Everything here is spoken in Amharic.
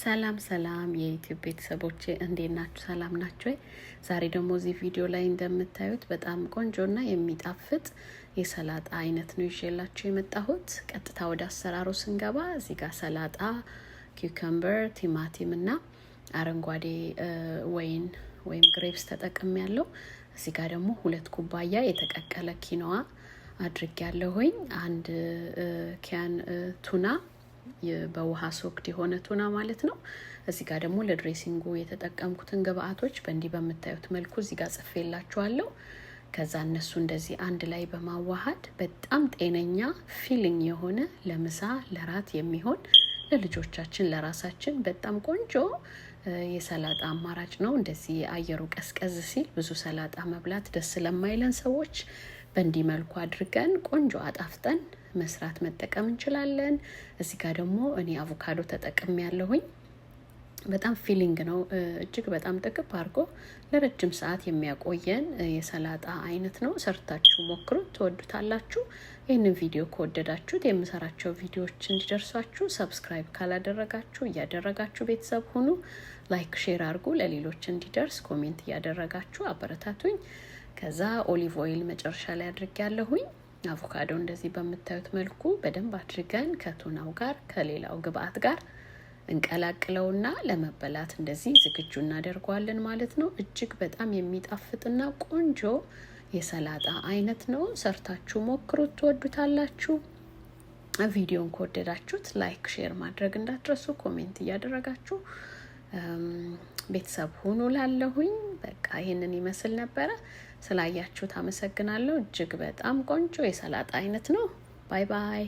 ሰላም ሰላም የዩቲዩብ ቤተሰቦቼ እንዴት ናችሁ? ሰላም ናችሁ ወይ? ዛሬ ደግሞ እዚህ ቪዲዮ ላይ እንደምታዩት በጣም ቆንጆና የሚጣፍጥ የሰላጣ አይነት ነው ይዤላችሁ የመጣሁት። ቀጥታ ወደ አሰራሩ ስንገባ እዚህ ጋር ሰላጣ፣ ኪውከምበር፣ ቲማቲም እና አረንጓዴ ወይን ወይም ግሬፕስ ተጠቅም ያለው። እዚህ ጋር ደግሞ ሁለት ኩባያ የተቀቀለ ኪኖዋ አድርግ ያለሁኝ አንድ ኪያን ቱና በውሃ ሶክድ የሆነ ቱና ማለት ነው። እዚህ ጋር ደግሞ ለድሬሲንጉ የተጠቀምኩትን ግብአቶች በእንዲህ በምታዩት መልኩ እዚህ ጋር ጽፌላችኋለሁ። ከዛ እነሱ እንደዚህ አንድ ላይ በማዋሃድ በጣም ጤነኛ ፊሊንግ የሆነ ለምሳ ለራት የሚሆን ለልጆቻችን ለራሳችን በጣም ቆንጆ የሰላጣ አማራጭ ነው። እንደዚህ የአየሩ ቀዝቀዝ ሲል ብዙ ሰላጣ መብላት ደስ ለማይለን ሰዎች በእንዲህ መልኩ አድርገን ቆንጆ አጣፍጠን መስራት መጠቀም እንችላለን። እዚህ ጋር ደግሞ እኔ አቮካዶ ተጠቅም ያለሁኝ በጣም ፊሊንግ ነው። እጅግ በጣም ጥቅብ አድርጎ ለረጅም ሰዓት የሚያቆየን የሰላጣ አይነት ነው። ሰርታችሁ ሞክሩት፣ ትወዱታላችሁ። ይህንን ቪዲዮ ከወደዳችሁት የምሰራቸው ቪዲዮዎች እንዲደርሷችሁ ሰብስክራይብ ካላደረጋችሁ እያደረጋችሁ ቤተሰብ ሁኑ። ላይክ፣ ሼር አድርጉ ለሌሎች እንዲደርስ ኮሜንት እያደረጋችሁ አበረታቱኝ። ከዛ ኦሊቭ ኦይል መጨረሻ ላይ አድርጌ ያለሁኝ አቮካዶ እንደዚህ በምታዩት መልኩ በደንብ አድርገን ከቱናው ጋር ከሌላው ግብአት ጋር እንቀላቅለውና ለመበላት እንደዚህ ዝግጁ እናደርገዋለን ማለት ነው። እጅግ በጣም የሚጣፍጥና ቆንጆ የሰላጣ አይነት ነው። ሰርታችሁ ሞክሩት፣ ትወዱታላችሁ። ቪዲዮን ከወደዳችሁት ላይክ፣ ሼር ማድረግ እንዳትረሱ፣ ኮሜንት እያደረጋችሁ ቤተሰብ ሁኑ ላለሁኝ። በቃ ይህንን ይመስል ነበረ። ስላያችሁት አመሰግናለሁ። እጅግ በጣም ቆንጆ የሰላጣ አይነት ነው። ባይ ባይ።